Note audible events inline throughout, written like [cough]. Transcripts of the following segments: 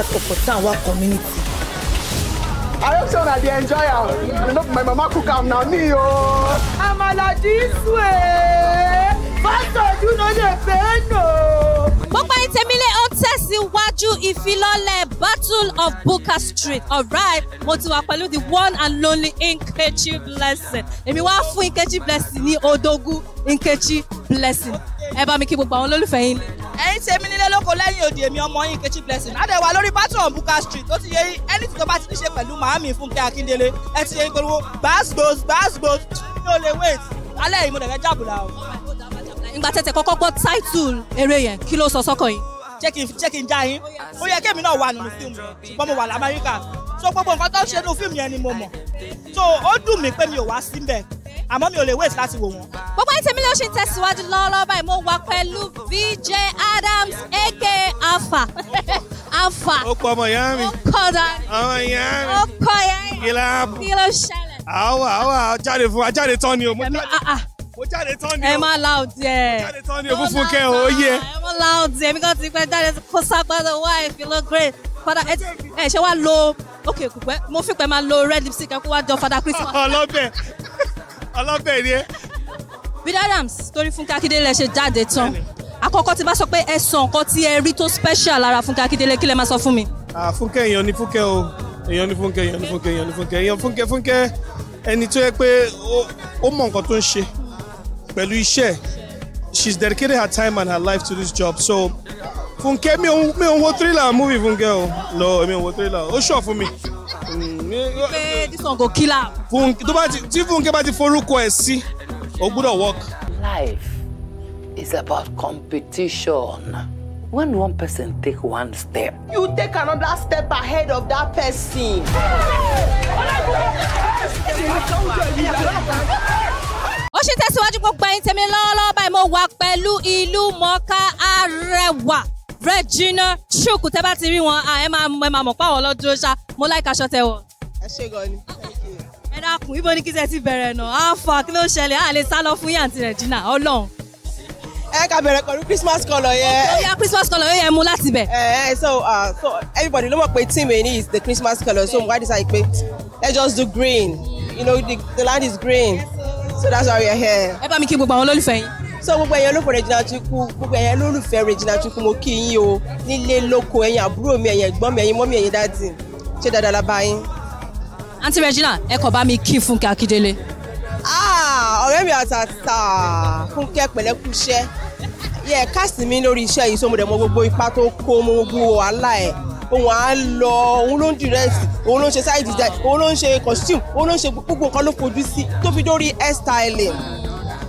that opportunity our community. I hope so that they enjoy am. You know, my mama cook am na me o. Àmàlà this way. Pásítọ̀ Júnà lè fẹ́ nù. Mo pa ìtẹ̀mílé ó tẹ̀síwájú ìfilọ́lẹ̀ Battle of Buka Street. Alright, mo ti wà pẹ̀lú the one and lonely Nkechi Blessing. Èmi wá fún Nkechi Blessing ní Odogu Nkechi Blessing. Ẹ bá mi kí gbogbo àwọn olólùfẹ́ yín ẹ̀yin tèmi nílé lóko lẹ́yìn òdì èmi ọmọ yín Nkechi Blessing adẹ̀wà lórí battle on Buka street tó ti yẹ yín anything tó bá ti ní ṣe pẹ̀lú màámi Fúnkẹ́ Akíndélé ẹ ti yẹ yín gbogbo gbàsgbòs gbàsgbòs mi ò lè wait alẹ́ yìí mo dẹ̀ fẹ́ jàbùlà o. ìgbà tẹ̀tẹ̀ kọ́kọ́ gbọ́ title eré yẹn kí ló sọ sọ́kàn yìí. jẹ́ kí n jẹ́ kí n já yín ó yẹ kémi náà wà nínú fíìmù ṣùgbọ́n mo wà l'Amẹ́ríkà so gbogbo nǹkan tó ń ṣe nínú fíìmù yẹn ni mo mọ̀ so ó dùn mí pé mi ò wá síbẹ̀ àmọ́ mi ò lè wait láti wò wọ́n. gbogbo ẹ̀ tèmi ló ṣe ń tẹ̀síwájú lọ́wọ́lọ́wọ́ báyìí mo wà pẹ̀lú VJ Adams aka Alfa [laughs] Alfa. ó kọ ọmọ ìyá mi. ó kọ dání. ọmọ ìyá mi. ó kọ ìyá mi. kí ló kí ló ṣẹlẹ̀. àwa àwa jáde fún wa jáde tán ni o. ẹ̀mí ah, ah. mo jáde tán ni o. ẹ má la òdì ẹ. mo jáde tán ni o fún Fúnkẹ́ o yẹ. ẹ má la òdì ẹ mi kàn ti pẹ́ jáde kó sápẹ́dọ̀ wá ìfìlọ́ great padà ẹ ṣe wá lo ok kò pẹ́ mo fi pẹ́ máa lo red lipstick kó wá jọ Fada Chris. [laughs] ọlọ́bẹ̀ ọlọ́bẹ̀ ni ẹ. Bid Adams torí Fúnkẹ́ Akíndélé ṣe jáde tán àkọ́kọ́ tí bá sọ pé ẹ sọ nǹkan tí ẹ rí tó special lára Fúnkẹ́ Akíndélé kí lẹ máa sọ fún mi. Fúnkẹ́ èèyàn ni Fúnkẹ́ o èèyàn ni Fúnkẹ́ èèyàn ni Fúnkẹ́ èèyàn ni Fúnkẹ́ èèyàn Fúnkẹ́ Fúnkẹ́ ẹni tó yẹ pé ó mọ nǹkan tó ń ṣe pẹ̀lú iṣẹ́ she's dedicated her time and her life to this job so Fúnkẹ́ mi ò ń wo thriller movie Fúnkẹ́ o lọ mi ò ń wo thriller o ṣọ̀ fún mi pé this one go kill am. fúnkẹ́ tó bá ti tí fúnkẹ́ bá ti forúkọ ẹ̀ sí o gbúdọ̀ work. life is about competition. When one person take one step, you take another step ahead of that person. ó ṣe tẹ̀síwájú gbogbo ẹ̀yin tèmi lọ́wọ́lọ́wọ́ báyìí mo wà pẹ̀lú ìlú mọ̀ọ́ká arẹwà Regina Chuku tẹ́ bá ti rí wọn ẹ máa ẹ máa mọ̀ páwọn ọlọ́dúró ṣá mo láìka aṣọ tẹ́ wọ̀. ẹ ṣe gan ni. ẹ dákun ibo ni kí tẹ ti bẹ̀rẹ̀ nà á fà kí ló ṣẹlẹ̀ á lè sá lọ fún yàǹtí Regina Ọlọ́run. ẹ ká bẹ̀rẹ̀ pẹ̀lú Christmas colour yẹn. ó yá Christmas colour yẹn mú láti bẹ̀. ẹ so uh, so everybody ló mọ̀ pé team eni is the Christmas colour so why decide pé let's just do green you know the, the land is green so that's why we are here. ẹ bá mi kí gbogbo àwọn olólùfẹ́ yín so gbogbo ẹ̀yin olóko Regina Chukwu gbogbo ẹ̀yin olólùfẹ́ Regina Chukwu mo kí yín o nílé lóko ẹ̀yin àbúrò mi ẹ̀yin ẹ̀gbọ́n mi ẹ̀yin mọ́mí ẹ̀yin dáàdì ṣé dáadáa la bá yín. àǹtí Regina ẹ kò bá mi kí Fúnkẹ́ Akíndélé. Ah, ọ̀rẹ́ mi àtàtà Fúnkẹ́ pẹ̀lẹ́kúṣẹ́ yẹ káàsì mi lórí iṣẹ́ yìí sómo dẹ̀ mọ gbogbo ipa tó kó mọ gbogbo wàhálà ẹ̀ òun à lọ òun ló ń dìrẹ́sì òun ló ń ṣe side design òun ló ń ṣe costume òun ló ń ṣe gbogbo nǹkan ló fojú sí tó fi dórí hair styling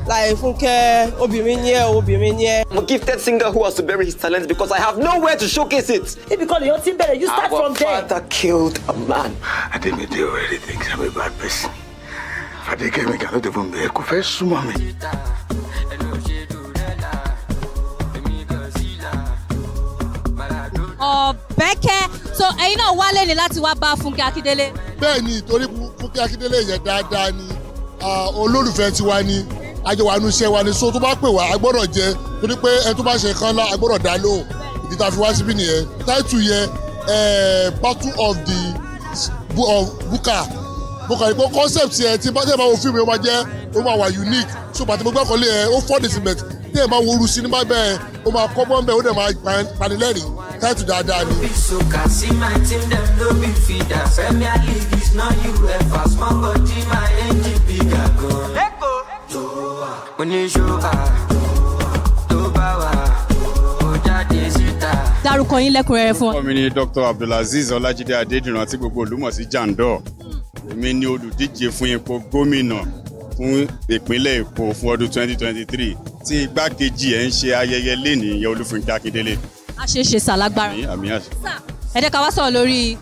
like Funke, Obiminye, Obiminye. I'm a gifted singer who has to bury his talent because I have nowhere to showcase it. If you call your team better, you start Our from there. Our father killed a man. I didn't do already thinks I'm a bad person. Fadike mi kalo de bumbe ko fe suma mi. Ọ̀bẹ́kẹ́ so ẹ̀yin náà wálé ni láti wá bá Fúnkẹ́ Akíndélé. Bẹ́ẹ̀ni, torí Fúnkẹ́ Akíndélé yẹn dáadáa ni ah, olólùfẹ́ tiwa ni àjẹwàánu iṣẹ́ wa ni so tó bá pè wá a gbọ́dọ̀ jẹ torí pé ẹni tó bá ṣe kan lá a gbọ́dọ̀ dá lóhùn ìdí tá a fi wá síbí nìyẹn táìtù yẹn eh, battle of the of buka buka ni concept yẹn tí bá tẹ̀ bá wo fíìmù yẹn ó jẹ́ ó máa wà unique so pàtó mo gbẹ́kọ̀ọ́ lé yẹn ó fọ́ dìsìmẹ̀t tí ẹ̀ máa woru sinimá bẹ́ẹ̀ ó máa kọ́ bọ́ bẹ́ẹ̀ ó dẹ̀ máa panilẹ́rìn táìtù dáadáa ni. lẹ́kọ̀ọ́ oníṣòwà tó bá wà ó dárúkọ yín lẹ́kùnrẹ́rẹ́ fún wa. mi ni Dr. Abdulaziz Ọlájídé Adédìran tí gbogbo olùmọ̀ sí jandor èmi ni olùdíje fún ipò gómìnà fún ìpínlẹ̀ Èkó fún ọdún 2023 tí igbákejì ẹ̀ ń ṣe ayẹyẹ lẹ́nìí ìyẹn Olúfúnkẹ́ Akíndélé. a ṣe ṣe sàlágbára. àmì àṣẹ. ẹ jẹ́ ká wá sọ̀rọ̀ lórí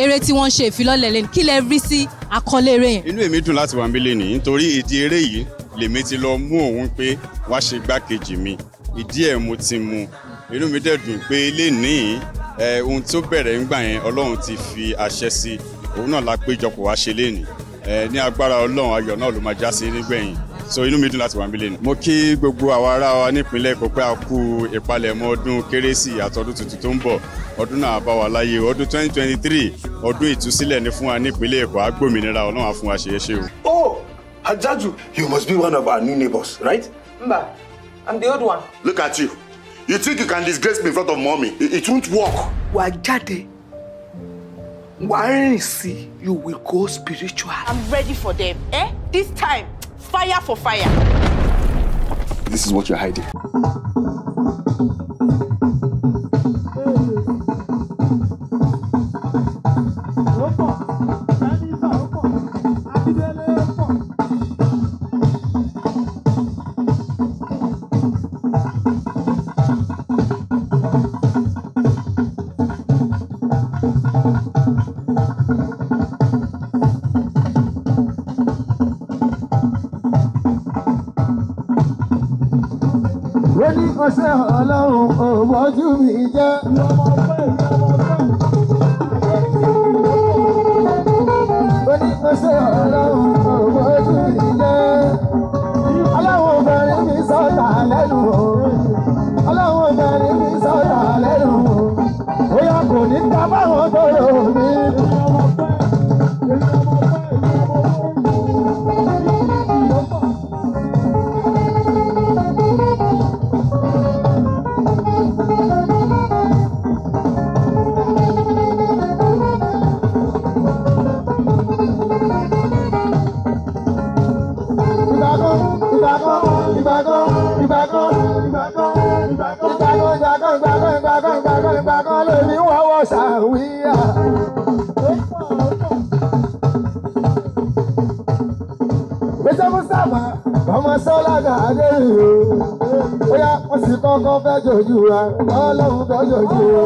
eré tí wọ́n ń ṣe ìfilọ́lẹ̀ lẹ́nu kí lẹ rí sí àkọlé eré yẹn. inú èmi dùn láti wà níbí lẹ́nìí nítorí ìdí eré yìí lèmi ti lọ mú òun pé wá ṣe gbákejì mi ìdí ẹ̀ mo ti mu inú mi dẹ̀ dùn pé lénìí ẹ ohun tó bẹ̀rẹ̀ ńgbà yẹn ọlọ́run ti fi àṣẹ sí òun náà la péjọpọ̀ wá ṣe lénìí ẹ ní agbára ọlọ́run ayọ̀ náà ló máa já sí nígbẹ̀yìn so inú mi dùn láti wà níbí ni. mo kí gbogbo àwa ará wa nípínlẹ̀ Èkó pé a kú ìpalẹ̀mọ́ ọdún kérésì àtọdún tuntun tó ń bọ̀ ọdún náà bá wa láyé ọdún 2023 ọdún ìtúsílẹ̀ ni fún wa nípínlẹ̀ Èkó agbómìnira ọlọ́run á wa ṣe é ṣe o. Oh! Hajaju, you must be one of our new neighbors, right? Mba, I'm the old one. Look at you. You think you can disgrace me in front of mommy? It, it won't work. Wajade, jáde. Wà You will go spiritual. I'm ready for them. Eh? This time, fire for fire. This is what you're hiding. ó ní ọṣẹ ọlọ́run ò bọ́jú mi jẹ́. sọ́lága adéyìn o bóyá wọ́n sì kọ́kọ́ fẹ́ jòjú wa ọlọ́run tó jòjú o.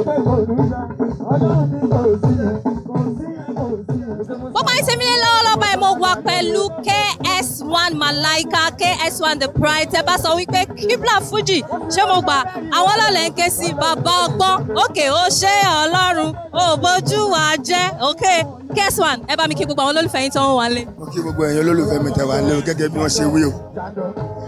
bó bá ń ṣe lọ́wọ́ lọ́ba ẹ̀ pẹ̀lú KS1 Malaika KS1 The Pride tẹ́ bá sọ wípé Qibla Fuji ṣé mo gbà àwọn ọlọ́lẹ̀ ń ké sí bàbá ọgbọ́n òkè ó ṣe ọlọ́ o bójú wa jẹ́ okay guess one ẹ bá mi kí gbogbo àwọn olólùfẹ́ yín tó ń wálé. mo kí gbogbo ẹ̀yin olólùfẹ́ mi tẹ̀ wá lé o gẹ́gẹ́ bí wọ́n ṣe wí o.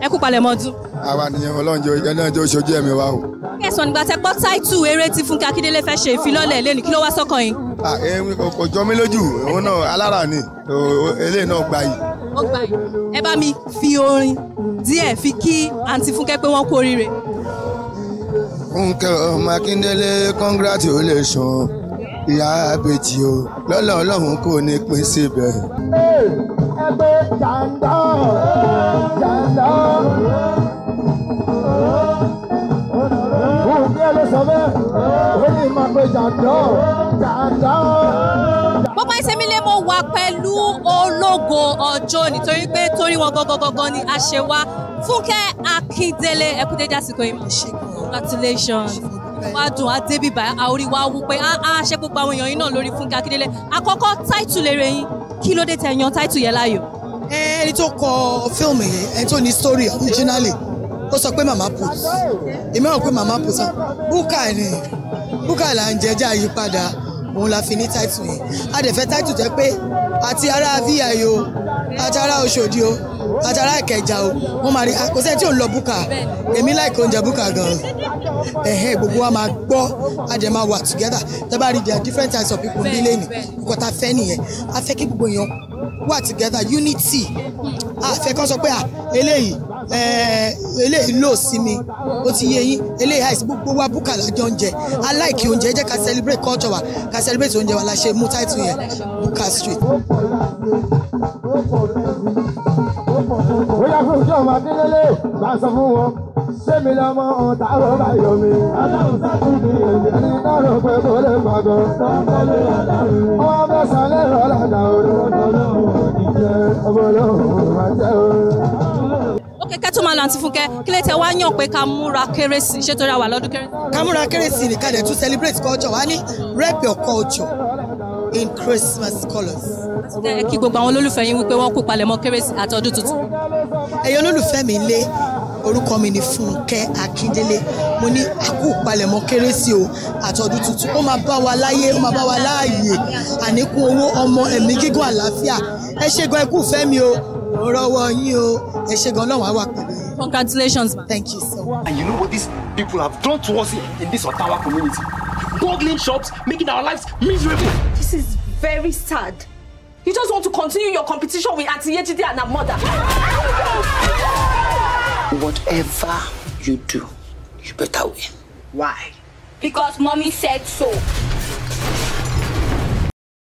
ẹ kú palẹ̀ mọ́ dún. àwa nìyẹn ọlọ́njọ ìjọ náà jọ ṣojú ẹ̀mí wa o. guess one nígbà tẹ gbọ́ táìtù eré tí Fúnkẹ́ Akíndélé fẹ́ ṣe ìfilọ́lẹ̀ lẹ́nu kí ló wá sọ́kàn yín. kò jọ mí lójú òun náà alára ni eléyìí náà gbà yìí. ó gbà yìí ẹ bá mi fi orin díẹ̀ fi kí àǹtí Fúnkẹ́ pé wọ́n kú oríire. Fúnkẹ́ ọmọ Akíndélé congratulations ìyá àbèjì o lọ́lọ́ ọlọ́run kò ní pín síbẹ̀. ẹgbẹ́ jàǹdà jàǹdà bùkẹ́ ló sọ bẹ́ẹ̀ ó ní máa pe jàǹdà jàǹdà. bó bá ń ṣe mí lé mo wà pẹ̀lú ológo ọjọ́ nítorí pé torí wọn gangan ni a ṣe wá fúnkẹ́ akíndélé ẹ̀kúndéjà sí kò í mọ̀ ṣe congratulations wá dùn á débi báyìí àórí wa wú pé á ah, ah, ṣe gbogbo àwọn èèyàn yín náà lórí Fúnkẹ́ Akíndélé àkọ́kọ́ táìtù lè rẹ̀ yín kí ló dé tẹ̀ yan táìtù yẹn láàyò. ẹni tó kọ fíìmù yìí ẹni tó ní story originally ó sọ pé mama put èmi rò pé mama put búkà ni búkà là ń jẹjẹ àyípadà òun la fi ní táìtù yẹn a dẹ̀ fẹ́ táìtù jẹ́ pé àti ará VI o àti ará Òṣòdì o àti ará Ìkẹjà o wọ́n máa rí kò sẹ́ni tí ò ń lọ búkà èmi láìka oúnjẹ búkà gan ẹ̀hẹ́n gbogbo wa máa gbọ́ a máa wà together tẹ́bá rí there are different types of people ní lẹ́nu nǹkan tá a fẹ́ nìyẹn a fẹ́ kí gbogbo èèyàn wà together unity a fẹ́ kọ́ sọ pé à eléyìí Eh, eléyìí lò sí mi ó ti yé yín eléyìí àìsí gbogbo wa búkà lájọ oúnjẹ aláìkí oúnjẹ jẹ́ ká celebrate culture wa ká celebrate oúnjẹ wa la ṣe mú táìtù yẹn búkà street. bóyá fún ìjọ ọmọ akíndélé máa sọ fún wọn sẹ́mi lọ́mọ ọ̀tá ló bá yọ mi. aláwùsá tún bí èyí ní dáhùn pé kò sọ́kọ́ ló yà dáhùn. wọn làǹtí Fúnkẹ́ kí lè tẹ wá yàn pé ká múra kérésì ṣé torí àwa lọ́dún kérésì. ká múra kérésì ní ká tún celebrate culture wa ní rep your culture in Christmas colours. kí gbogbo àwọn olólùfẹ́ yín wípé wọ́n kú palẹ̀mọ́ kérésì àtọ́dún tuntun. ẹ̀yin olólùfẹ́ mi lé orúkọ mi ni Fúnkẹ́ Akíndélé mo ní àkú palẹ̀mọ́ kérésì o àtọdún tuntun ó máa bá wa láyé ó máa bá wa láàyè àníkún owó ọmọ ẹ̀mí gígùn àlàáfíà ẹ ṣe gan ikú fẹ́mi o rọwọ́ yín o ẹ ṣe gan Ọlọ́run á wà pẹ̀lú. Congratulations, ma'am. Thank you so And you know what these people have done to us in this Ottawa community? Boggling shops, making our lives miserable. This is very sad. You just want to continue your competition with Auntie Yejide and her mother. Whatever you do, you better win. Why? Because mommy said so.